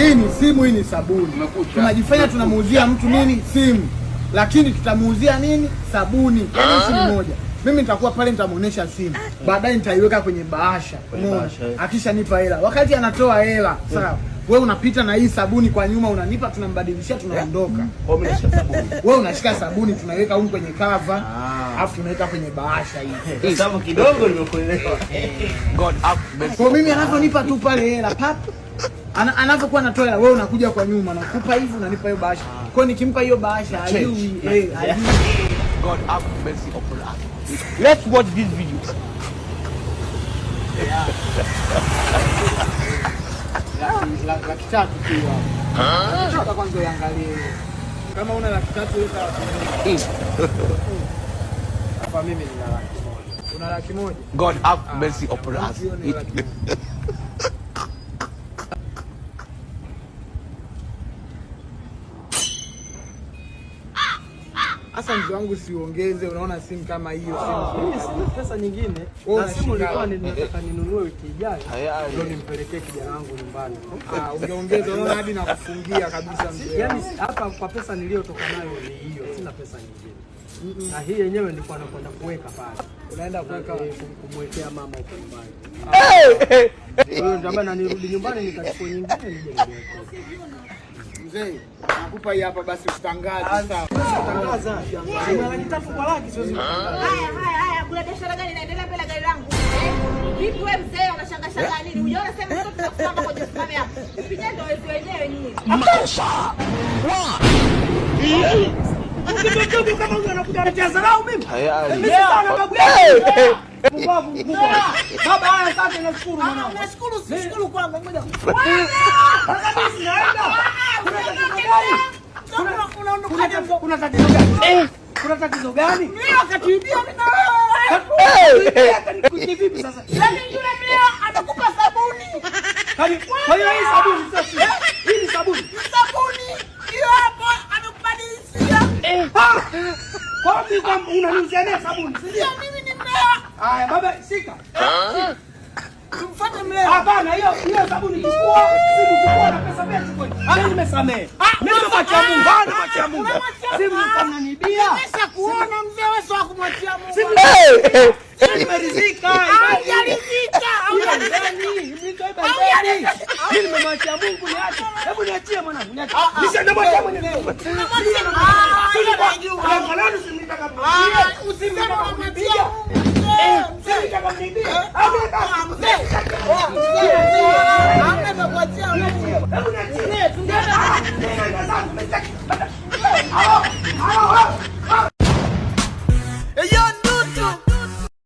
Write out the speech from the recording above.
Hii ni simu, hii ni sabuni. Tunajifanya tunamuuzia mtu nini? Simu, lakini tutamuuzia nini? Sabuni. Yaani ah. simu moja mimi nitakuwa pale, nitamuonesha simu, baadaye nitaiweka kwenye bahasha, eh. akishanipa hela, wakati anatoa hela sawa we unapita na hii sabuni kwa nyuma, unanipa, tunambadilishia, tunaondoka. Eh? We unashika sabuni, tunaweka huko kwenye kava, ah. afu tunaweka kwenye bahasha hii kidogo. Nimekuelewa kwa mimi anavyonipa tu pale hela pap ana, anapokuwa anatoa wewe unakuja kwa nyuma nakupa hivi unanipa hiyo bahasha. Ah. Kwa hiyo nikimpa hiyo bahasha ajui, eh hajui. God have mercy upon us. Let's watch this video. Hmm. Hmm. God have mercy upon us. Hasa mzee wangu siuongeze, unaona simu kama hiyo simu. Ah, sina pesa nyingine. Na simu nilikuwa ninataka ninunue wiki ijayo. Ndio nimpelekee kijana wangu nyumbani. Ah, ungeongeza unaona hadi nakufungia kabisa mzee. Yani hapa kwa pesa niliyotoka nayo ni hiyo. Sina pesa nyingine. Mm -mm. Na hii yenyewe nilikuwa nakwenda kuweka pale. Unaenda kuweka kumwekea mama huko nyumbani. Hey! Ndio maana nirudi nyumbani nikachukua nyingine nije niweke mzee, nakupa hii hapa basi usitangaze Sawa. Utangaza. Haya haya haya, kuna biashara gani inaendelea mbele gari langu? Vipi wewe mzee unashanga nini? Unaona sema nashukuru kwangu. Ngoja gani? Kuna tatizo gani? Eh. Ni vipi sasa? Amekupa yaani sabuni. Kwa hiyo hii sabuni sasa. Eh? Hii ni sabuni. Sabuni. Hiyo hapo amekubadilishia. Eh. Kwa nini unaniuzia sabuni? Sio mimi ni mbea. Haya baba, shika. Shika. Mfuate mleo. Hapana, hiyo hiyo sabuni chukua, simu chukua na pesa pesa ah. yaani chukua. Ah, Mimi nimesamehe. Mimi nimemwachia Mungu. Ah. Bana mwachia Mungu. Simu mkananibia. Nimesha kuona mzee wewe wa kumwachia Mungu. Simu. Simu nimeridhika. Haujaridhika. Haujani. Mlikoiba ndani. Mimi nimemwachia Mungu niache. Hebu niachie mwanangu. Niache. Nisha nimwachia mwenyewe. Nimwachie mwenyewe.